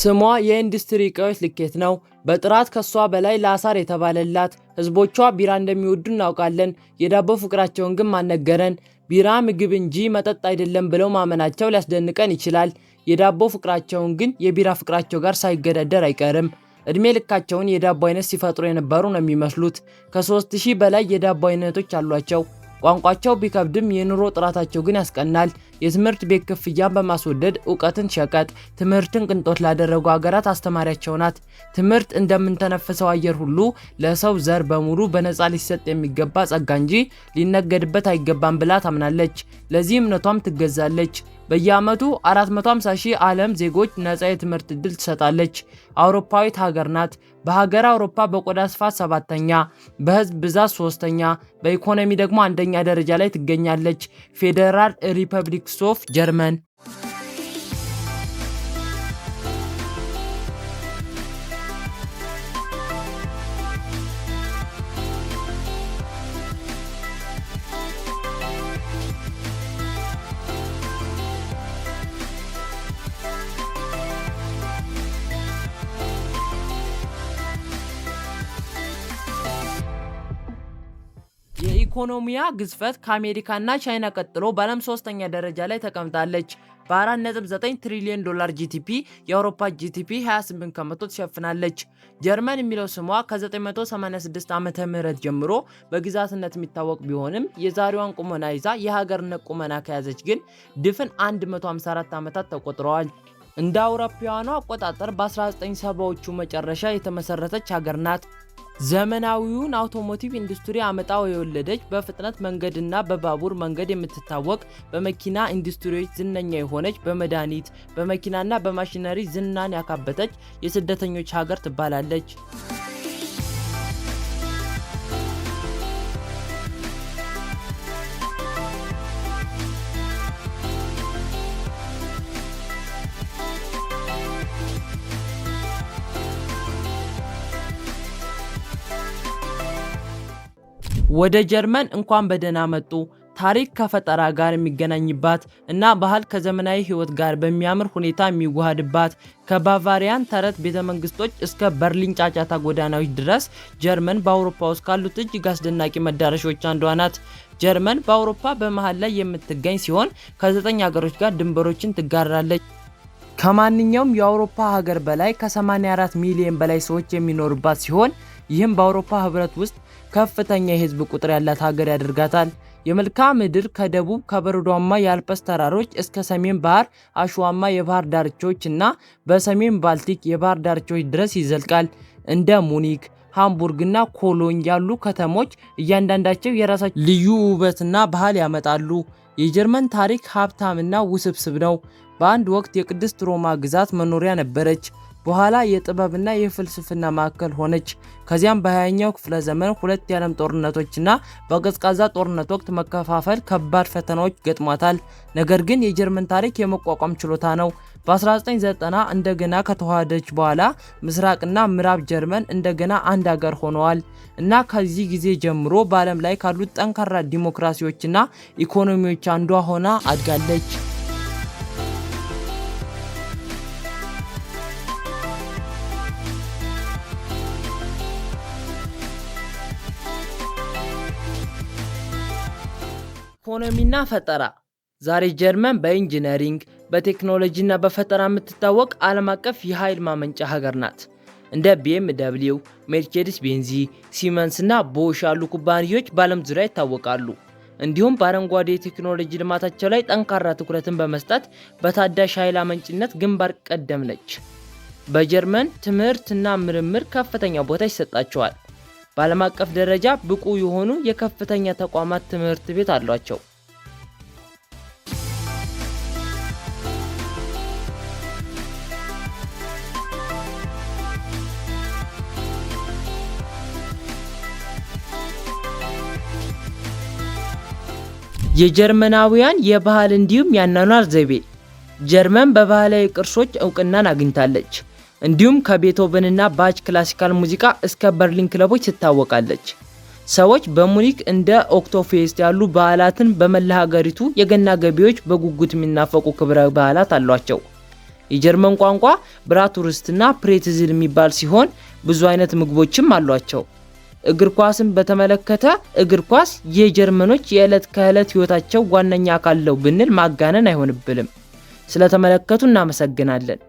ስሟ የኢንዱስትሪ እቃዎች ልኬት ነው። በጥራት ከሷ በላይ ለአሳር የተባለላት ህዝቦቿ ቢራ እንደሚወዱ እናውቃለን። የዳቦ ፍቅራቸውን ግን ማነገረን። ቢራ ምግብ እንጂ መጠጥ አይደለም ብለው ማመናቸው ሊያስደንቀን ይችላል። የዳቦ ፍቅራቸውን ግን የቢራ ፍቅራቸው ጋር ሳይገዳደር አይቀርም። እድሜ ልካቸውን የዳቦ አይነት ሲፈጥሩ የነበሩ ነው የሚመስሉት። ከ ከ3000 በላይ የዳቦ አይነቶች አሏቸው። ቋንቋቸው ቢከብድም የኑሮ ጥራታቸው ግን ያስቀናል። የትምህርት ቤት ክፍያን በማስወደድ እውቀትን ሸቀጥ፣ ትምህርትን ቅንጦት ላደረጉ ሀገራት አስተማሪያቸው ናት። ትምህርት እንደምንተነፍሰው አየር ሁሉ ለሰው ዘር በሙሉ በነፃ ሊሰጥ የሚገባ ጸጋ እንጂ ሊነገድበት አይገባም ብላ ታምናለች። ለዚህ እምነቷም ትገዛለች። በየአመቱ 450 ሺህ ዓለም ዜጎች ነፃ የትምህርት ዕድል ትሰጣለች። አውሮፓዊት ሀገር ናት። በሀገር አውሮፓ በቆዳ ስፋት ሰባተኛ፣ በህዝብ ብዛት ሶስተኛ፣ በኢኮኖሚ ደግሞ አንደኛ ደረጃ ላይ ትገኛለች። ፌዴራል ሪፐብሊክ ዩኒቨርሲቲስ ኦፍ ጀርመን የኢኮኖሚያ ግዝፈት ከአሜሪካና ቻይና ቀጥሎ በዓለም ሶስተኛ ደረጃ ላይ ተቀምጣለች። በ4.9 ትሪሊዮን ዶላር ጂቲፒ የአውሮፓ ጂቲፒ 28 ከመቶ ትሸፍናለች። ጀርመን የሚለው ስሟ ከ986 ዓ ም ጀምሮ በግዛትነት የሚታወቅ ቢሆንም የዛሬዋን ቁመና ይዛ የሀገርነት ቁመና ከያዘች ግን ድፍን 154 ዓመታት ተቆጥረዋል። እንደ አውሮፓውያኑ አቆጣጠር በ1970ዎቹ መጨረሻ የተመሰረተች ሀገር ናት። ዘመናዊውን አውቶሞቲቭ ኢንዱስትሪ አመጣው የወለደች በፍጥነት መንገድና በባቡር መንገድ የምትታወቅ በመኪና ኢንዱስትሪዎች ዝነኛ የሆነች በመድኃኒት በመኪናና በማሽነሪ ዝናን ያካበተች የስደተኞች ሀገር ትባላለች። ወደ ጀርመን እንኳን በደህና መጡ። ታሪክ ከፈጠራ ጋር የሚገናኝባት እና ባህል ከዘመናዊ ሕይወት ጋር በሚያምር ሁኔታ የሚዋሃድባት ከባቫሪያን ተረት ቤተ መንግስቶች እስከ በርሊን ጫጫታ ጎዳናዎች ድረስ ጀርመን በአውሮፓ ውስጥ ካሉት እጅግ አስደናቂ መዳረሻዎች አንዷ ናት። ጀርመን በአውሮፓ በመሀል ላይ የምትገኝ ሲሆን ከዘጠኝ ሀገሮች ጋር ድንበሮችን ትጋራለች። ከማንኛውም የአውሮፓ ሀገር በላይ ከ84 ሚሊዮን በላይ ሰዎች የሚኖሩባት ሲሆን ይህም በአውሮፓ ህብረት ውስጥ ከፍተኛ የህዝብ ቁጥር ያላት ሀገር ያደርጋታል። የመልክዓ ምድር ከደቡብ ከበረዷማ የአልፐስ ተራሮች እስከ ሰሜን ባህር አሸዋማ የባህር ዳርቻዎች እና በሰሜን ባልቲክ የባህር ዳርቻዎች ድረስ ይዘልቃል። እንደ ሙኒክ ሃምቡርግ እና ኮሎኝ ያሉ ከተሞች እያንዳንዳቸው የራሳቸው ልዩ ውበትና ባህል ያመጣሉ። የጀርመን ታሪክ ሀብታምና ውስብስብ ነው። በአንድ ወቅት የቅድስት ሮማ ግዛት መኖሪያ ነበረች። በኋላ የጥበብና የፍልስፍና ማዕከል ሆነች። ከዚያም በ20ኛው ክፍለ ዘመን ሁለት የዓለም ጦርነቶችና በቀዝቃዛ ጦርነት ወቅት መከፋፈል ከባድ ፈተናዎች ገጥሟታል። ነገር ግን የጀርመን ታሪክ የመቋቋም ችሎታ ነው። በ1990 እንደገና ከተዋሃደች በኋላ ምስራቅና ምዕራብ ጀርመን እንደገና አንድ አገር ሆነዋል እና ከዚህ ጊዜ ጀምሮ በዓለም ላይ ካሉት ጠንካራ ዲሞክራሲዎችና ኢኮኖሚዎች አንዷ ሆና አድጋለች። ኢኮኖሚና ፈጠራ ዛሬ ጀርመን በኢንጂነሪንግ በቴክኖሎጂና በፈጠራ የምትታወቅ ዓለም አቀፍ የኃይል ማመንጫ ሀገር ናት። እንደ ቢኤምደብሊው፣ ሜርኬዲስ ቤንዚ፣ ሲመንስ እና ቦሽ ያሉ ኩባንያዎች በዓለም ዙሪያ ይታወቃሉ። እንዲሁም በአረንጓዴ የቴክኖሎጂ ልማታቸው ላይ ጠንካራ ትኩረትን በመስጠት በታዳሽ ኃይል አመንጭነት ግንባር ቀደም ነች። በጀርመን ትምህርትና ምርምር ከፍተኛ ቦታ ይሰጣቸዋል። በዓለም አቀፍ ደረጃ ብቁ የሆኑ የከፍተኛ ተቋማት ትምህርት ቤት አሏቸው። የጀርመናውያን የባህል እንዲሁም ያኗኗር ዘይቤ ጀርመን በባህላዊ ቅርሶች እውቅናን አግኝታለች። እንዲሁም ከቤቶቨንና ባች ክላሲካል ሙዚቃ እስከ በርሊን ክለቦች ትታወቃለች። ሰዎች በሙኒክ እንደ ኦክቶፌስት ያሉ በዓላትን በመላ ሀገሪቱ የገና ገቢዎች በጉጉት የሚናፈቁ ክብረ በዓላት አሏቸው። የጀርመን ቋንቋ ብራቱርስትና ፕሬትዝል የሚባል ሲሆን ብዙ አይነት ምግቦችም አሏቸው። እግር ኳስን በተመለከተ እግር ኳስ የጀርመኖች የዕለት ከዕለት ሕይወታቸው ዋነኛ አካል ነው ብንል ማጋነን አይሆንብንም። ስለተመለከቱ እናመሰግናለን።